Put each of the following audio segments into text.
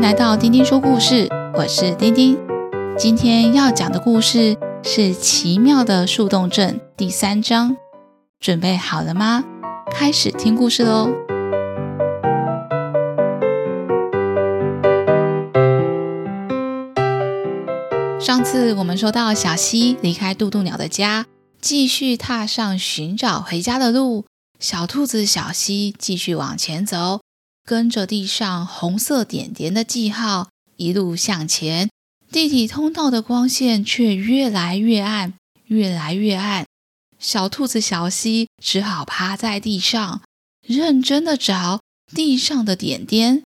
來到丁丁說故事，我是丁丁，今天要講的故事是《奇妙的樹洞鎮》第三章，準備好了嗎？開始聽故事嘍。上次我們說到小希離開渡渡鳥的家，繼續踏上尋找回家的路。小兔子小希繼續往前走。跟着地上紅色點點的記號一路向前，地底通道的光線卻越來越暗，越來越暗。小兔子小希只好趴在地上，認真的找地上的點點。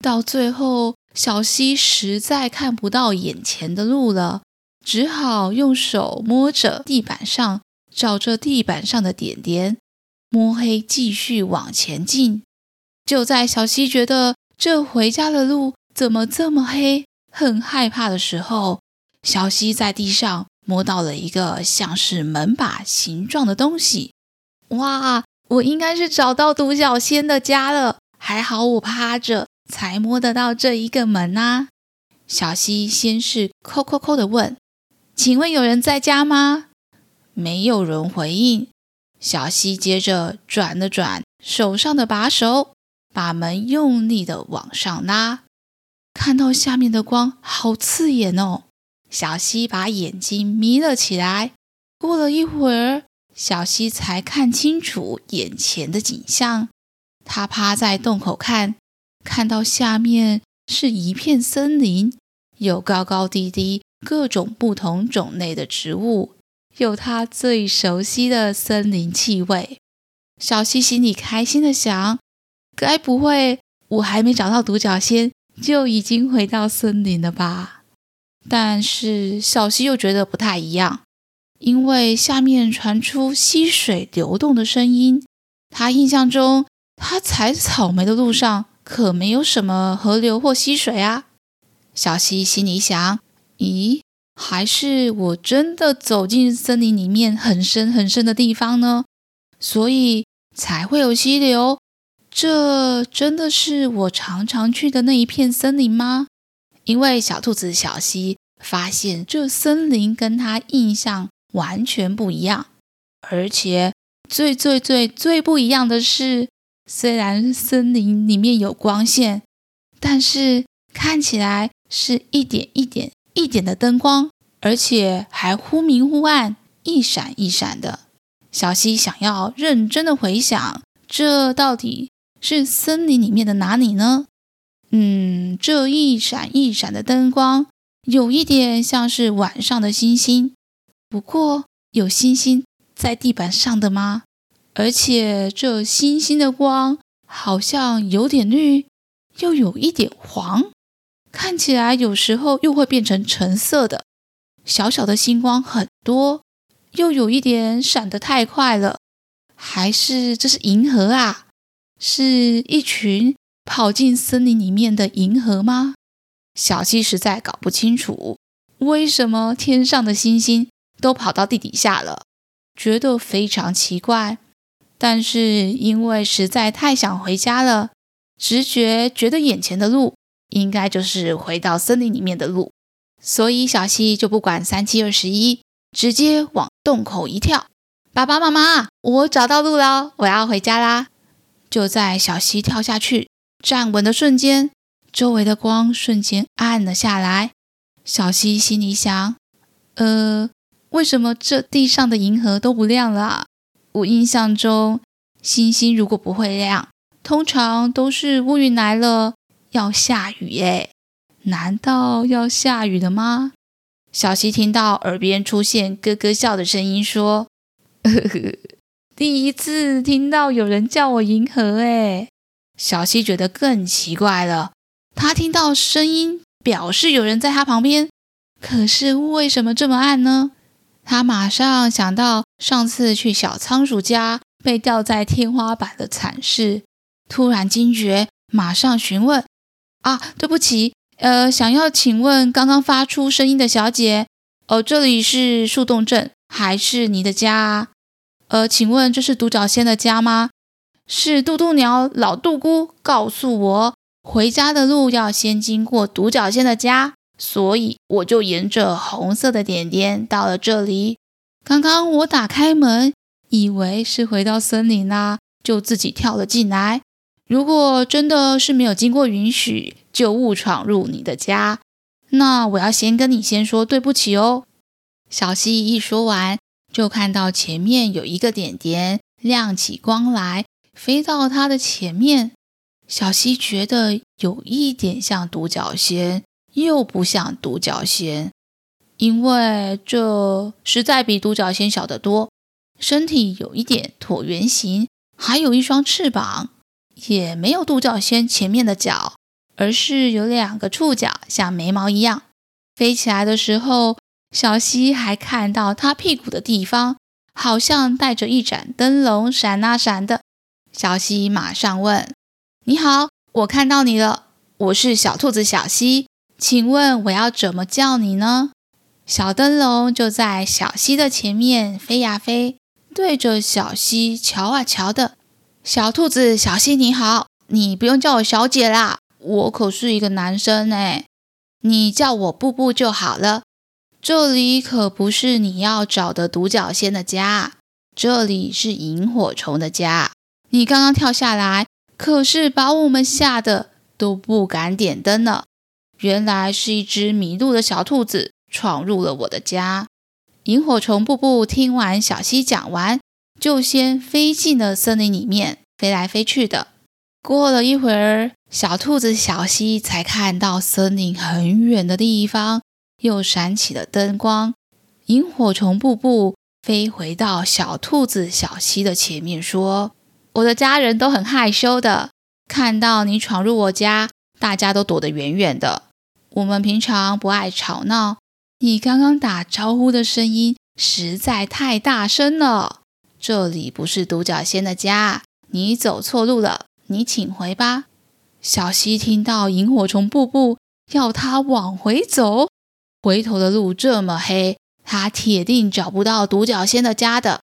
到最後，小希實在看不到眼前的路了，只好用手摸着地板上，找着地板上的點點，摸黑繼續往前進。就在小希覺得這回家的路怎麼這麼黑，很害怕的時候，小希在地上摸到了一個像是門把形狀的東西。哇，我應該是找到獨角仙的家了！還好我趴着才摸得到這一個門啊。小希先是扣扣扣地問：“請問有人在家嗎？”沒有人回應。小希接着轉了轉手上的把手。把門用力的往上拉，看到下面的光，好刺眼哦！小希把眼睛眯了起來。過了一會兒，小希才看清楚眼前的景象。他趴在洞口看，看到下面是一片森林，有高高低低、各種不同種類的植物，有他最熟悉的森林氣味。小希心裡開心的想。該不會我還沒找到獨角仙就已經回到森林了吧？但是小希又覺得不太一樣，因為下面傳出溪水流動的聲音。他印象中，他採草莓的路上可沒有什麼河流或溪水啊。小希心裡想：“咦，還是我真的走進森林裡面很深很深的地方呢？所以才會有溪流。”這真的是我常常去的那一片森林嗎？因為小兔子小希發現，這森林跟他印象完全不一樣。而且最最最最不一樣的是，雖然森林裡面有光線，但是看起來是一點一點、一點的燈光，而且還忽明忽暗、一閃一閃的。小希想要認真的回想，這到底是森林裡面的哪裡呢？嗯，這一閃一閃的燈光，有一點像是晚上的星星。不過有星星在地板上的嗎？而且這星星的光好像有點綠，又有一點黃，看起來有時候又會變成橙色的。小小的星光很多，又有一點閃得太快了。還是這是銀河啊？是一群跑進森林裡面的銀河嗎？小希實在搞不清楚，為什麼天上的星星都跑到地底下了，覺得非常奇怪。但是因為實在太想回家了，直覺覺得眼前的路應該就是回到森林裡面的路，所以小希就不管三七二十一，直接往洞口一跳。爸爸媽媽，我找到路了，我要回家啦！就在小希跳下去站穩的瞬間，周圍的光瞬間暗了下來。小希心裡想：“呃，為什麼這地上的銀河都不亮了？我印象中星星如果不會亮，通常都是烏雲來了要下雨。哎，難道要下雨了嗎？”小希聽到耳邊出現咯咯笑的聲音，說：“呵呵。”第一次聽到有人叫我“銀河”，哎，小希覺得更奇怪了。他聽到聲音，表示有人在他旁邊，可是為什麼這麼暗呢？他馬上想到上次去小倉鼠家被吊在天花板的慘事，突然驚覺，馬上詢問：“啊，對不起，呃，想要請問剛剛發出聲音的小姐，哦，這裡是樹洞鎮，還是你的家啊？”呃，請問這是獨角仙的家嗎？是渡渡鳥老渡姑告訴我，回家的路要先經過獨角仙的家，所以我就沿着紅色的點點到了這裡。剛剛我打開門，以為是回到森林啦，啊，就自己跳了進來。如果真的是沒有經過允許，就誤闖入你的家，那我要先跟你先說對不起哦。小希一說完。就看到前面有一個點點亮起光來，飛到它的前面。小希覺得有一點像獨角仙，又不像獨角仙，因為這實在比獨角仙小得多。身體有一點橢圓形，還有一雙翅膀，也沒有獨角仙前面的腳，而是有兩個觸角，像眉毛一樣。飛起來的時候。小希還看到他屁股的地方，好像帶着一盞燈籠，閃啊閃的。小希馬上問：“你好，我看到你了，我是小兔子小希，請問我要怎麼叫你呢？”小燈籠就在小希的前面飛呀飛，對着小希瞧啊瞧的。小兔子小希你好，你不用叫我小姐啦，我可是一個男生哎、欸，你叫我布布就好了。這裡可不是你要找的獨角仙的家，這裡是螢火蟲的家。你剛剛跳下來，可是把我們嚇得都不敢點燈了。原來是一隻迷路的小兔子闖入了我的家。螢火蟲布布聽完小希講完，就先飛進了森林裡面，飛來飛去的。過了一會兒，小兔子小希才看到森林很遠的地方，又閃起了燈光，螢火蟲步步飛回到小兔子小希的前面，說：“我的家人都很害羞的，看到你闖入我家，大家都躲得遠遠的。我們平常不愛吵鬧，你剛剛打招呼的聲音實在太大聲了。這裡不是獨角仙的家，你走錯路了，你請回吧。”小希聽到螢火蟲步步要他往回走。回頭的路這麼黑，他鐵定找不到獨角仙的家的。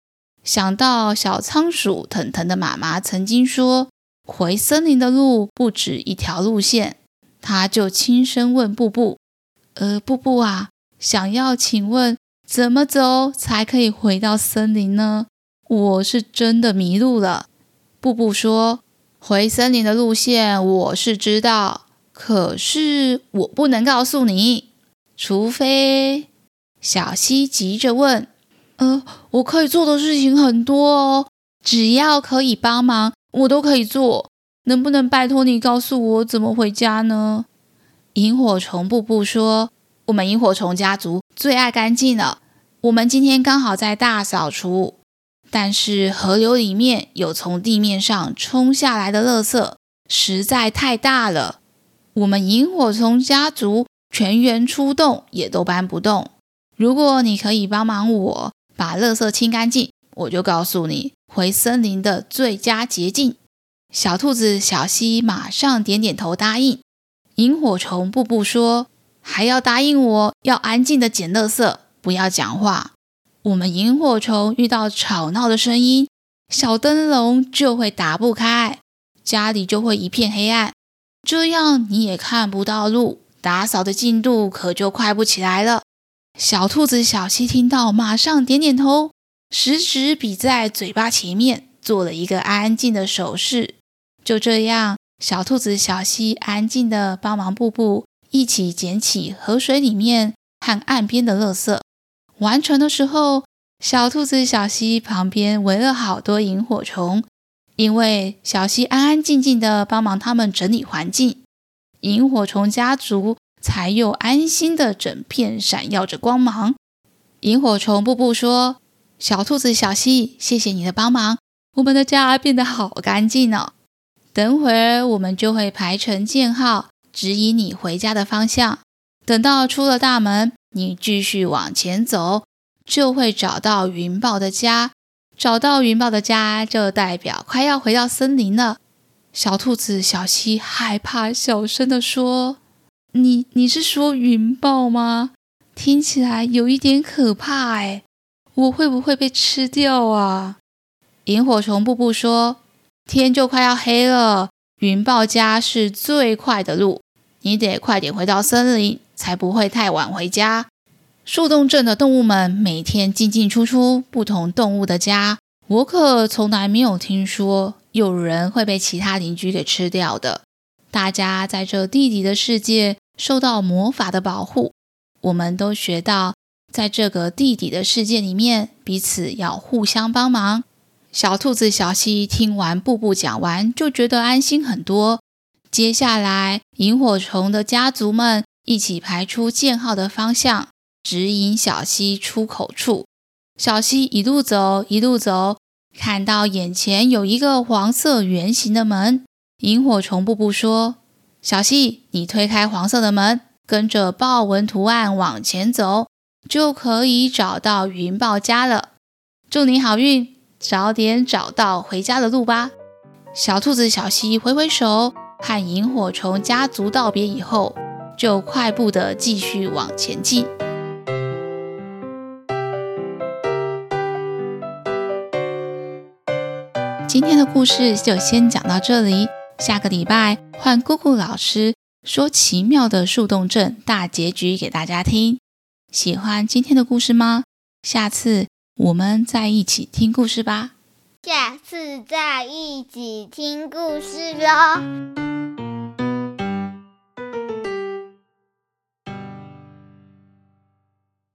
想到小倉鼠騰騰的媽媽曾經說，回森林的路不止一條路線，他就輕聲問布布：“呃，布布啊，想要請問怎麼走才可以回到森林呢？我是真的迷路了。”布布說：“回森林的路線我是知道，可是我不能告訴你。”除非，小希急着問：“呃，我可以做的事情很多哦，只要可以幫忙，我都可以做。能不能拜託你告訴我怎麼回家呢？”螢火蟲布布說：“我們螢火蟲家族最愛乾淨了，我們今天剛好在大掃除，但是河流裡面有從地面上沖下來的垃圾，實在太大了。我們螢火蟲家族。”全員出動也都搬不動。如果你可以幫忙我把垃圾清乾淨，我就告訴你回森林的最佳捷徑。小兔子小希馬上點點頭答應。螢火蟲布布說：“還要答應我，要安靜的撿垃圾，不要講話。我們螢火蟲遇到吵鬧的聲音，小燈籠就會打不開，家裡就會一片黑暗，這樣你也看不到路。”打掃的進度可就快不起來了。小兔子小希聽到，馬上點點頭，食指比在嘴巴前面，做了一個安安靜的手勢。就這樣，小兔子小希安靜的幫忙布布一起撿起河水裡面和岸邊的垃圾。完成的時候，小兔子小希旁邊圍了好多螢火蟲，因為小希安安靜靜的幫忙他們整理環境。螢火蟲家族才又安心的整片閃耀着光芒。螢火蟲布布說：“小兔子小希，謝謝你的幫忙，我們的家變得好乾淨哦。等會兒我們就會排成箭號，指引你回家的方向。等到出了大門，你繼續往前走，就會找到雲豹的家。找到雲豹的家，就代表快要回到森林了。”小兔子小希害怕，小聲地說：“你你是說雲豹嗎？聽起來有一點可怕哎，我會不會被吃掉啊？”螢火蟲布布說：“天就快要黑了，雲豹家是最快的路，你得快點回到森林，才不會太晚回家。”樹洞鎮的動物們每天進進出出不同動物的家。我可從來沒有聽說有人會被其他鄰居給吃掉的。大家在這地底的世界受到魔法的保護。我們都學到，在這個地底的世界裡面，彼此要互相幫忙。小兔子小希聽完，布布講完，就覺得安心很多。接下來，螢火蟲的家族們一起排出箭號的方向，指引小希出口處。小希一路走，一路走。看到眼前有一個黃色圓形的門，螢火蟲布布說：“小希，你推開黃色的門，跟着豹紋圖案往前走，就可以找到雲豹家了。祝你好運，早點找到回家的路吧。”小兔子小希揮揮手，和螢火蟲家族道別以後，就快步地繼續往前進。今天的故事就先講到這裡，下個禮拜換咕咕老師說《奇妙的樹洞鎮》大結局給大家聽。喜歡今天的故事嗎？下次我們再一起聽故事吧。下次再一起聽故事嘍。